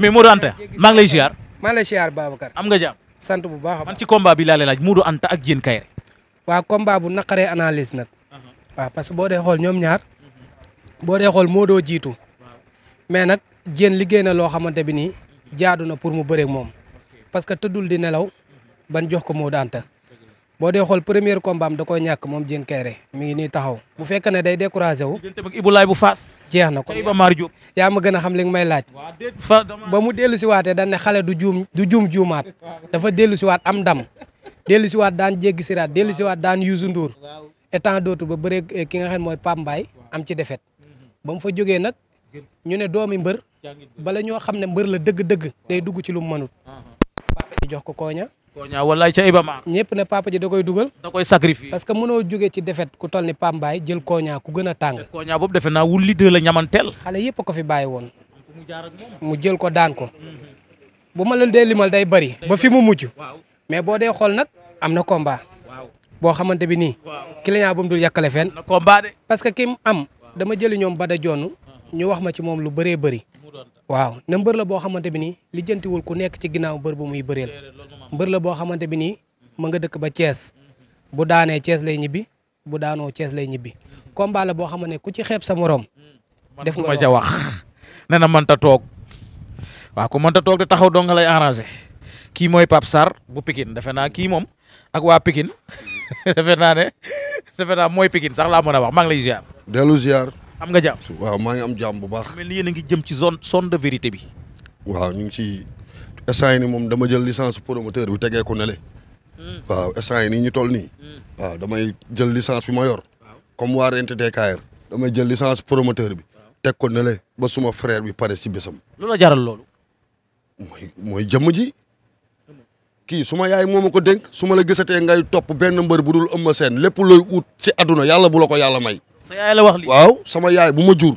mais Modou Anta maa ngi lay ziar. maa ngi lay ziar Babacar. sant bu baax a man ci combat bi laa Anta ak Diène Kaïré. waaw combat bu naqaree analyse nag. Uh-huh. waaw parce que boo dee xool ñoom ñaar. boo dee xool Modou jiitu. mais nag Diène liggéey na loo xamante bi nii jaadu na pour mu bëreeg moom. parce que tëddul di nelaw ban jox ko Modou Anta. boo dee xool premier combat am da koy ñàkk moom Diène Kairé mi ngi nii taxaw bu fekkee ne day découragé wu. diggante ak bu Fass. jeex na ko Iba Mar Diop. ma gën a xam li nga may laaj. ba mu dellu si waatee dañ xale du jum du juum juumaat dafa dellu si waat am ndam dellu si waat daan jéggi siraat dellu si waat daan Youssou Ndour et tant d'autres ba bëree eh, ki nga xam mooy Pape mbaay am ci defet ba mu fa jógee nag ñu ne doomi mbër bala ñoo xam ne mbër la dëgg-dëgg day dugg ci lu mu mënut. Ah, ah. jox ko kooña Koña wallaay ca Ibama. ñëpp ne papa ji da koy dugal. da koy sacrifier parce que mënoo jóge ci defet ku toll ni Pambaay jël Koña ku gën a tàng. boobu defe naa wul leader ñamanteel. xale yëpp ko fi bàyyi woon. mu jël ko daan ko. bu ma dee limal day bëri. ba fi mu mujj. mais boo dee xool nag am na combat. boo xamante bi nii. client bu mu dul yàkkale fenn. combat de. parce que ki mu am dama jëli ñoom Bada Joonu. ñu wax ma ci moom lu bëree bëri. waaw na mbër la boo xamante bi nii li ku nekk ci ginnaaw mbër bu mbër la boo xamante bi nii ma nga dëkk ba cees bu daanee cees lay ñibbi bu daanoo cees lay ñibbi combat la boo xam ne ku ci xeeb sa morom. def nga ma ca wax nee na mënta toog waaw ku mënta toog de taxaw dong nga lay arrangé kii mooy Pape sar bu Pikine defe naa kii moom ak waa Pikine defe naa mooy Pikine sax laa mën a wax maa ngi lay am nga jàmm waaw maa bu baax. mel ni yéen ngi jëm ci zone zone de vérité bi. waaw instant yi nii moom dama jël licence promoteur bi tegee ko nele hmm. waaw instant yi nii ñu toll nii. Hmm. waaw damay jël licence bi ma yor. comme waa de DKR damay jël licence promoteur bi. teg ko nele ba suma frère bi pare si bésam. lu la jaral loolu. mooy mooy ji. kii su ma yaay moom ma ko dénk su ma la gisatee ngay topp benn mbër bu dul ëmma seen lépp looy ut ci àdduna yàlla bu la ko yàlla may. sa waaw sama yaay bu ma jur.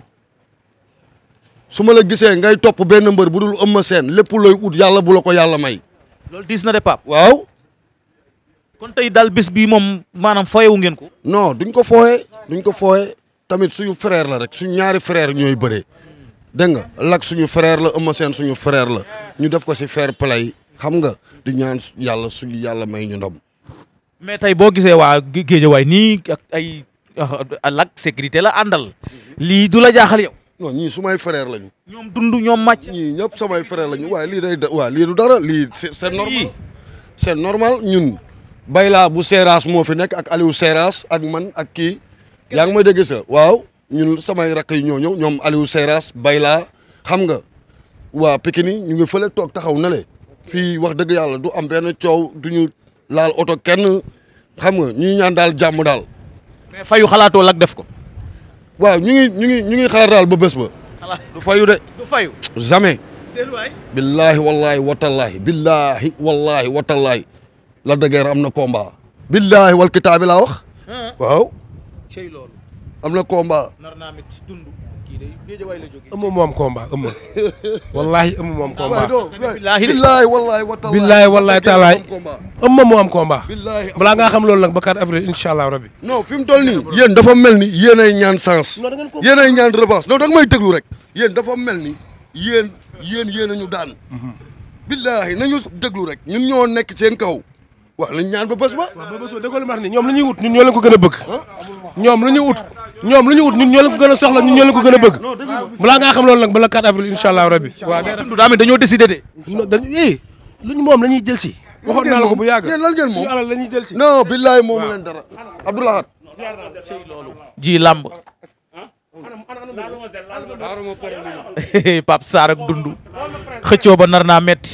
su ma la gisee ngay topp benn mbër bu dul ëmma seen lépp looy ut yàlla bu la ko yàlla may. loolu diis na de Pape. waaw. kon tey daal bés bii moom maanaam fooyewu ngeen ko. non duñ ko fooyee duñ ko fooyee tamit suñu frère la rek suñu ñaari frère ñooy bëree dégg nga lak suñu frère la ëmma suñu frère la ñu def ko si fair play xam nga di ñaan yàlla suñu yàlla may ñu ndam. mais tey boo gisee waa géejawaay nii ak ay ah, lak sécurité la àndal. lii du la jaaxal yow. non ñii sumay frère lañu. ñoom dund ñoom màcc. ñii ñëpp samay frère lañu waaye lii day waaw dara lii c'est normal c'est normal ñun. Bayla bu Seras moo fi nekk ak Aliou Seras ak man ak kii yaa ngi may dégg sa waaw ñun samay rakk yi ñoo ñëw ñoom Aliou Seras Bayla xam nga waa Pikine ñu ngi fële toog taxaw na le fii wax dëgg yàlla du am benn coow du ñu laal oto kenn xam nga ñu ñaan daal jàmm daal. mais fayu xalaatoo lak def ko. waaw ñu ngi ñu ngi ñu ngi xaar daal ba bés ba. du fayu de. du fayu jamais. déedwaay. billaahi wallaahi watallaahi billaahi wallaahi watallaahi. Lac de Guiers am na combat. billaahi wal kitaabi laa wax. waaw. cey loolu. am na combat. nar naa mit dund. kii day géejawaay la jógee. ëmm moom combat ëmm. wallaahi ëmm moom combat. billaahi billaahi wallaahi watalaay billaahi wallaahi taalaay. ëmm moo am combat. billaahi balaa ngaa xam loolu nag ba 4 avril incha allah rabi. non fi mu toll nii yéen dafa mel ni yéenay ñaan sens. yéenay ñaan revanche non danga may déglu rek. yéen dafa mel ni yéen yéen yéen a ñu daan. Mhm. billaahi nañu déglu rek ñun ñoo nekk seen kaw. waaw lañ ñaan ba bés ba. waaw ba bés ba déggoo li ma wax ni lu ñuy ut ñun ñoo leen ko gën a bëgg. ñoom lu ñuy ut ñoom lu ñuy ut ñun ñoo ko gën a soxla ñun ñoo ko gën a bëgg. balaa ngaa xam loolu nag bala 4 avril incha allah rabbi. waaw day rafetlu daa mel dañoo décidé de. dañu eh luñ moom la ñuy jël si. waxoon naa la ko bu yàgg yéen lan ngeen moom suñu alal la ñuy jël si. non billaay moom leen dara Abdoulahat ji làmb Pape Sarr ak Dundu xëccoo ba nar naa metti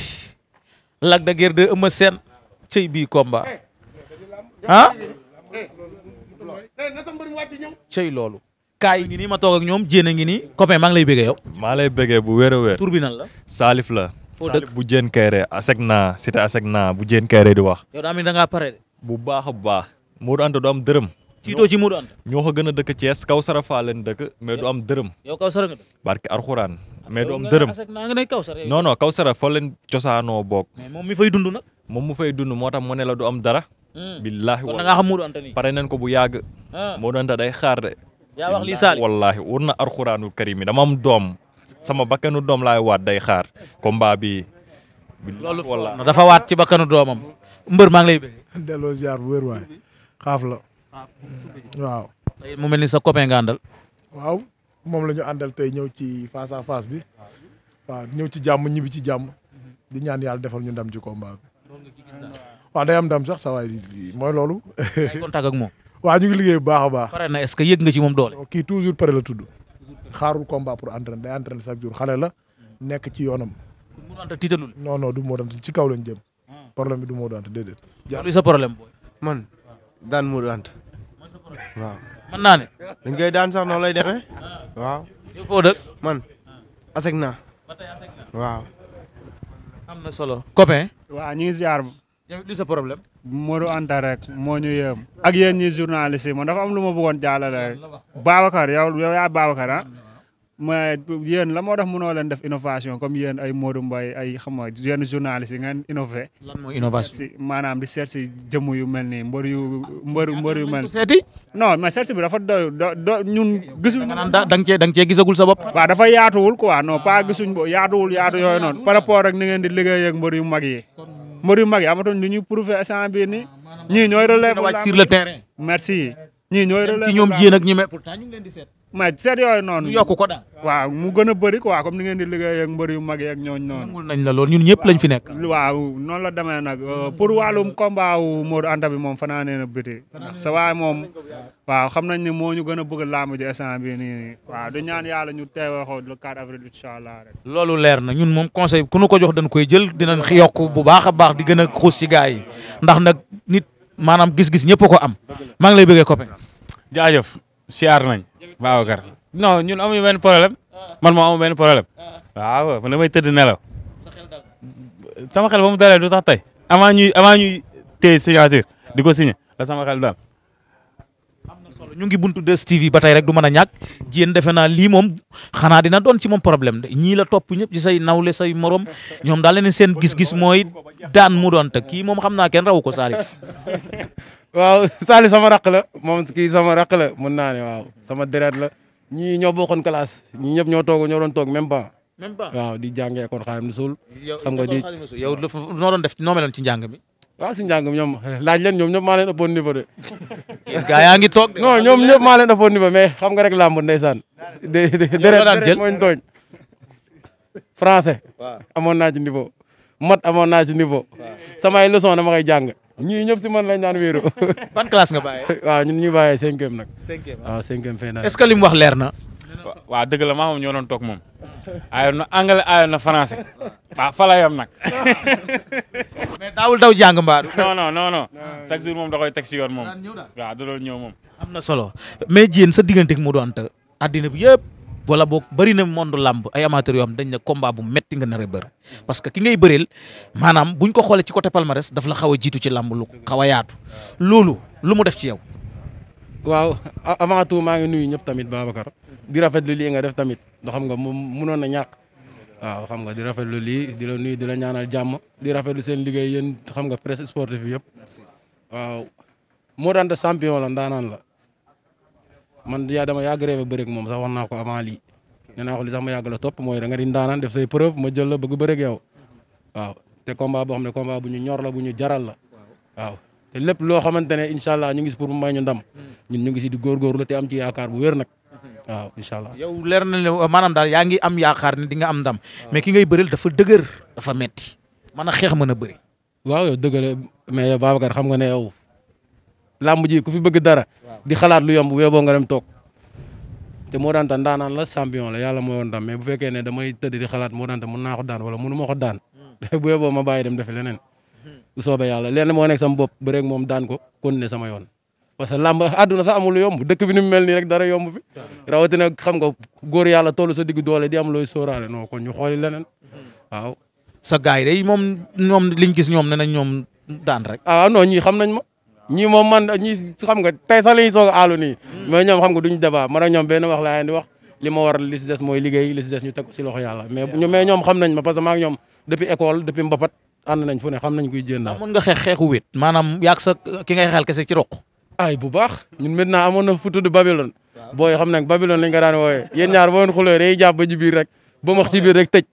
Lac de Guiers de Eumeu cëy bii komba ah cëy loolu kaay ngi nii ma toog ak ñoom jéen a ngi nii copain maa ngi lay bëggee yow maa lay bëggee bu wér a wér la Salif la foo dëkk bu jéen kayre asek naa cité asek naa bu jéen kayre di wax yow daa mel bu baax a bu baax Modou Anta du am dërëm tiitoo ci mu Anta ñoo ko gën a dëkk Thiès kaw sara faa leen dëkk mais du am dërëm yow kaw sara nga dëkk barke arxuraan mais du am dërëm non non Kawsara fa leen cosaanoo boog. mais moom mi fay dund nag. moom mu fay dund moo tax mu ne la du am dara. Hmm. billaahi kon nga xam Modou pare nañ ko bu yàgg. Modou Anta day xaar lii Saali wallaahi wur na arxuraanul karim dama am doom sama bakkanu doom laay waat day xaar combat bi. loolu wala dafa waat ci bakkanu doomam. mbër maa ngi lay bëgg. delloo ziar bu wér xaaf la. waaw. mu mel ni sa copain nga àndal. waaw moom la ñu àndal tey ñëw ci face à face bi waaw ñëw ci jàmm ñibbi ci jàmm di ñaan yàlla defal ñu ndam ci combat bi waaw day am ndam sax sa waay mooy loolu. ay contact ak moom. waaw liggéey bu a est-ce que yëg nga ci moom doole. kii toujours pare la tudd. xaarul combat pour entraîner day entraîner chaque jour xale la nekk ci yoonam. Modou Anta tiitalul. non non du Modou Anta ci kaw lañ jëm. problème bi du Modou Anta déedéet. Ah. loolu man daan Modou Anta. waaw. waaw. yow man. asek naa. waaw. am na solo copain. waaw ñu ngi ziar. yow sa problème. Modou Anta moo ñu ak yéen ñi journaliste yi man dafa am lu ma bëggoon jàllale rek. Babacar yow yaa Babacar ah. mais yéen la moo tax mënoo leen def innovation comme yéen ay Modou Mbaye ay xam nga yéen journaliste yi ngeen innové. lan mooy maanaam di seet si yu mel ni mbër yu. mbër mbër yu mel nii seeti. non seet si bi dafa doy do ñun. gisuñu da nga cee da nga cee gisagul sa bopp. waaw dafa yaatuwul quoi non pas gisuñ bo yaatuwul yaatu yooyu noonu. par rapport ak ni ngeen di liggéey ak mbër yu mag yi. mbër yu mag yi amatoon lu ñuy prouver instant bii nii. Ah, ñii ñooy relève. sur le terrain. merci ñii ñooy relève. ci ñoom jéen ak leen di seet mais seet yooyu noonu. yokk ko daal waaw mu gën a bëri quoi comme ni ngeen di liggéey ak mbër yu mag yeeg ñooñu noonu. nangul nañ la lool ñun ñëpp lañ fi nekk. waaw noon la demee nag euh, pour wàllum combat wu Modou Anta bi moom fanaa nee na biti. ndax sa moom waaw xam nañ ne moo ñu gën a bëgg làmb ji instant bii waaw du ñaan yàlla ñu teewoo ko le 4 avril incha allah rek. loolu leer na ñun moom conseil ku nu ko jox dañ koy jël dinañ yokk bu baax a baax di gën a xuus ci gars ndax nag nit maanaam gis ñëpp ko am maa ngi lay bëggee copain jaajëf siyaar nañ Babacar non ñun amuñu benn problème man moo amu benn problème waaw man damay tëdd nelaw sama xel ba mu dalee du tax tey avant ñuy avant ñuy téye signature di ko signé la sama xel daal. am ñu ngi buntu 2STV ba tey rek du mën a ñàkk jéen defe naa lii moom xanaa dina doon ci moom problème de la topp ñëpp ci say nawle say morom ñoom daal leen seen gis-gis mooy daan mu doon te kii moom xam naa kenn raw ko Salif. waaw Sali sama rakk la moom kii sama rakk la mën naa ne waaw sama deret la ñii ñoo bokkoon classe ñii ñëpp ñoo toog ñoo doon toog même banc. même banc waaw di jàngee école Xaadimu Rasuul. xam nga di yow noo doon def noo meloon ci njàng mi. waaw si njàng ñoom laaj leen ñoom ñëpp maa leen ëppoon niveau de. gaa yaa ngi toog. non ñoom ñëpp maa leen ëppoon niveau mais xam nga rek làmb ndeysaan. deret mooy ñu tooñ français. amoon naa ci niveau mat amoon naa ci sama samay leçon dama koy jàng. ñii ñëpp si man lañ daan wéeru. ban classe nga bàyyee. waaw ñun ñu bàyyee cinquième nag. cinquième ah. waaw cinquième fee naa. est que li mu wax leer na. waa dëgg maa moom ñoo doon toog moom. aayoon na anglais aayoon na français. waaw fa yam nag. daawul daw jàng mbaadu. non non non moom da teg si yoon moom. waaw da ñëw moom. am na solo mais Diène sa digganteeg mu Anta addina bi yëpp. wala boog bëri na monde ay amateur yoo xam dañ ne combat bu metti nga a bër parce que ki ngay bëreel maanaam buñ ko xoolee ci côté palmarès daf la xaw a jiitu ci làmb lu xaw a yaatu loolu lu mu def ci yow. waaw avant tout maa ngi nuyu ñëpp tamit Babacar di rafetlu lii nga def tamit do xam nga moom munoon na waaw xam nga di rafetlu lii di la nuyu di la ñaanal jàmm di rafetlu seen liggéey yéen xam nga presse sportive yëpp waaw moo daan de champion la ndaanaan la. man yaa dama yaa grévé bëreeg moom sax wax naa ko avant lii nee ma yàgg la topp mooy da nga di ndaanaan def say preuve ma jël la bëgg bëreeg yow waaw te combat boo xam ne combat la jaral la te lépp loo xamante ne incha allah ñu ngi si pour mu may ñu ndam ñun ñu ngi si di góorgóorlu te am ci yaakaar bu wér nag waaw incha allah. yow leer na ne maanaam daal yaa ngi am yaakaar ne di nga am ndam mais ki ngay bëreel dafa dëgër dafa metti mën a xeex mën a bëri. waaw yow dëgg la mais Babacar xam nga ne làmb ji ku fi bëgg dara. di xalaat lu yomb weeboo nga dem toog. te moo daan ta ndaanaan la champion la yàlla mooy woon dam mais bu fekkee ne damay tëdd di xalaat moo daan ta mën naa ko daan wala mënu ma ko daan bu hmm. yeboo ma bàyyi dem defi leneen. Hmm. bu soobee yàlla lenn moo nekk sama bopp ba rek moom daan ko continuer sama yoon. parce que làmb àdduna sax amul yomb dëkk bi ni mu mel nii rek dara yomb fi rawatina xam nga góor yàlla toll sa digg doole di am looy sóoraale non kon ñu xooli leneen hmm. waaw. sa gars yi day moom ñoom liñ gis ñoom nee nañ ñoom daan rek. ah non ñii xam nañ ma ñii moom man ñii xam nga tey sax la ñuy soog a aalu nii. Hmm. mais ñoom xam nga duñ débat man ak ñoom benn wax laa leen di wax li ma waral li si des mooy liggéey li si des ñu teg ko si loxo yàlla mais ñu mais ñoom xam nañ ma parce que maa ngi ñoom depuis école depuis mbapat ànd nañ fu ne xam nañ kuy jënd bu baax ñun maintenant amoon na fu tudd Babylone. booy xam nañ Babylone lañ ko daan wooyee yéen ñaar boo leen xuloo day jàpp ba ci biir rek ba wax rek tëj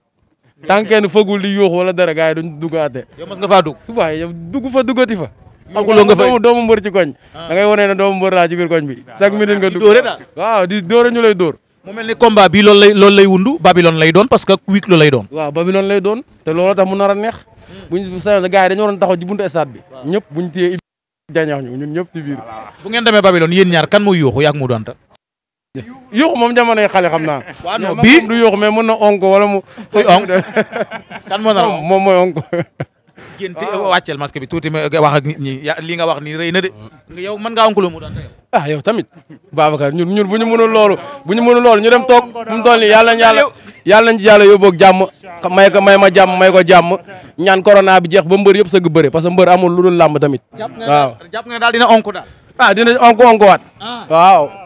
tant kenn fëggul di yuux wala dara gars yi duñ duggaate yow mas nga faa dugg waaye yow dugg fa duggati fa alxuloo nga fay doomu mbër ci koñ ah. da ngay wone ne doomu mbër laa ci biir koñ bi chaque minute nga dóore daal di dóore ñu lay dóor mu ni combat bi lool lay loolu lay wundu Babylone lay doon parce que week lo lay doon waaw Babylone lay doon te loolu tax mu nar a neex hmm. buñ sa gars yi dañu waroon taxaw ci buntu stade bi ñëpp buñ téyee jañax ñu bu ngeen demee Babylone yéen ñaar kan mooy yooxu yaag mu doon ta yooxu moom jamonoy xale xam naa waaw du yooxu mais mën na onko wala mu kuy onk kan moo nar moom génte ah, wàccel masque bi tuuti ma ni rëy de ah yow tamit Babacar ñun ñun bu ñu loolu bu ñu mënul loolu ñu dem toog bu mu toll nii yàlla yàlla yàlla nañ ci yàlla yóbboog jàmm may ko may ma jàmm may ko jàmm ñaan corona bi jeex ba mbër yëpp sëgg bëre parce que mbër amul lu dul làmb tamit waaw jàpp nga daal dina onku daal ah dina